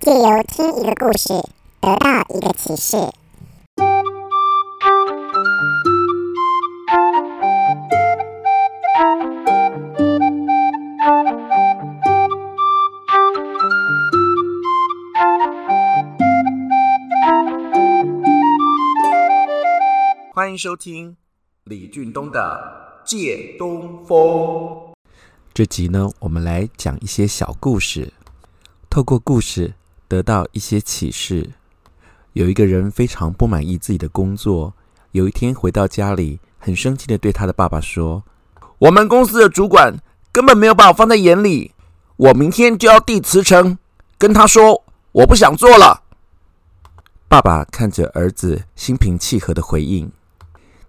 借由聽一個故事，得到一個啟示。歡迎收聽李俊東的《借東風》。這集呢，我們來講一些小故事，透過故事。得到一些啟示。有一個人非常不滿意自己的工作，有一天回到家裡，很生氣的對他的爸爸說：“我們公司的主管根本沒有把我放在眼裡，我明天就要遞辭呈，跟他說我不想做了。”爸爸看着兒子，心平氣和的回應：“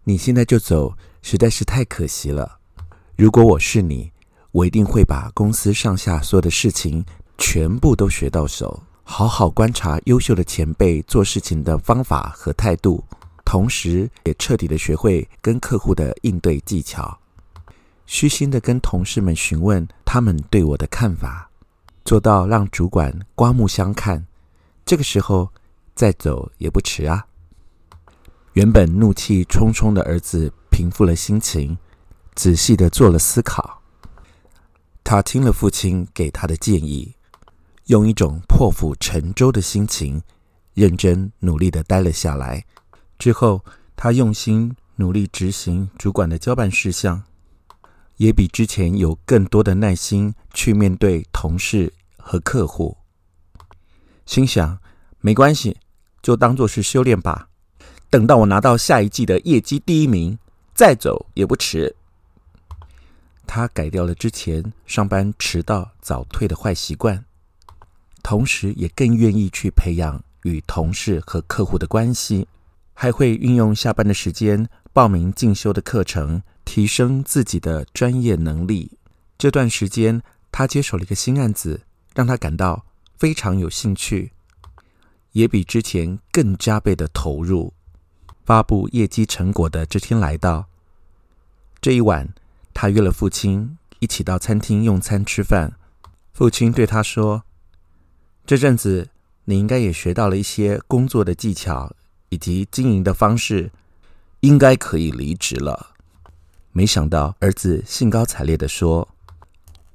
你現在就走，實在是太可惜了。如果我是你，我一定會把公司上下所有的事情全部都學到手。”好好觀察優秀的前輩做事情的方法和態度，同時也徹底的學會跟客戶的應對技巧。虛心的跟同事們詢問他們對我的看法，做到讓主管刮目相看。這個時候再走也不遲啊！原本怒氣沖沖的兒子平復了心情，仔細的做了思考。他聽了父親給他的建議。用一種破釜沉舟的心情，認真努力地待了下來。之後，他用心努力執行主管的交辦事項，也比之前有更多的耐心去面對同事和客戶。心想，沒關係，就當作是修煉吧。等到我拿到下一季的業績第一名，再走也不遲。他改掉了之前上班遲到早退的壞習慣。同時也更願意去培養與同事和客戶的關係，還會運用下班的時間報名進修的課程，提升自己的專業能力。這段時間，他接手了一個新案子，讓他感到非常有興趣，也比之前更加倍的投入。發佈業績成果的這天來到。這一晚，他約了父親一起到餐廳用餐吃飯。父親對他說。這陣子你應該也學到了一些工作的技巧以及經營的方式，應該可以離職了。沒想到兒子興高采烈的說：“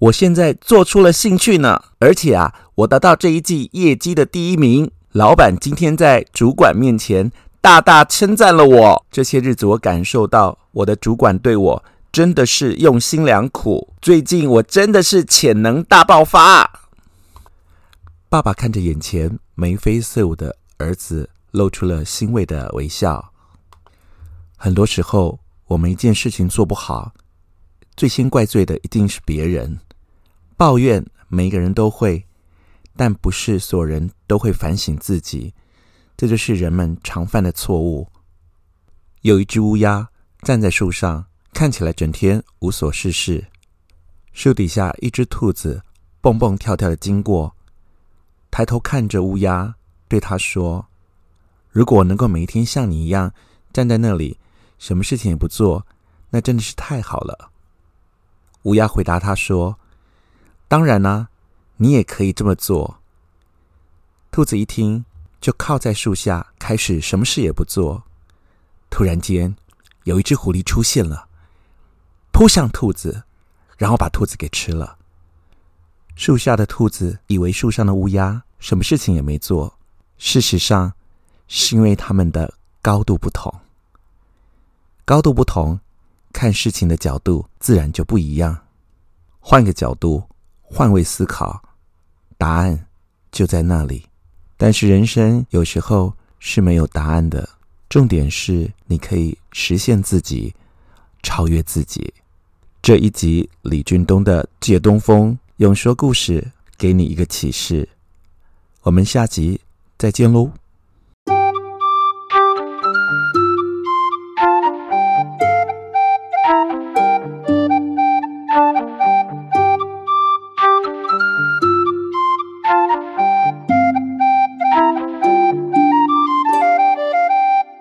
我現在做出了興趣呢，而且啊，我得到這一季業績的第一名。老闆今天在主管面前大大稱讚了我。這些日子我感受到我的主管對我真的是用心良苦。最近我真的是潛能大爆發、啊。”爸爸看着眼前眉飛色舞的兒子，露出了欣慰的微笑。很多時候，我們一件事情做不好，最先怪罪的一定是別人。抱怨，每個人都會，但不是所有人都會反省自己。這就是人們常犯的錯誤。有一隻烏鴉站在樹上，看起來整天無所事事。樹底下，一隻兔子蹦蹦跳跳的經過。抬頭看着烏鴉，對他說：“如果我能夠每一天像你一樣站在那裡，什麼事情也不做，那真的是太好了。”烏鴉回答他說：“當然啦，你也可以這麼做。”兔子一聽，就靠在樹下，開始什麼事也不做。突然間，有一隻狐狸出現了，撲向兔子，然後把兔子給吃了。樹下的兔子以為樹上的烏鴉。什麼事情也沒做，事實上是因為他們的高度不同。高度不同，看事情的角度自然就不一樣。換個角度，換位思考，答案就在那裡。但是人生有時候是沒有答案的。重點是你可以實現自己，超越自己。這一集李俊東的《借東風》，用說故事給你一個啟示。我們下集再見嘍。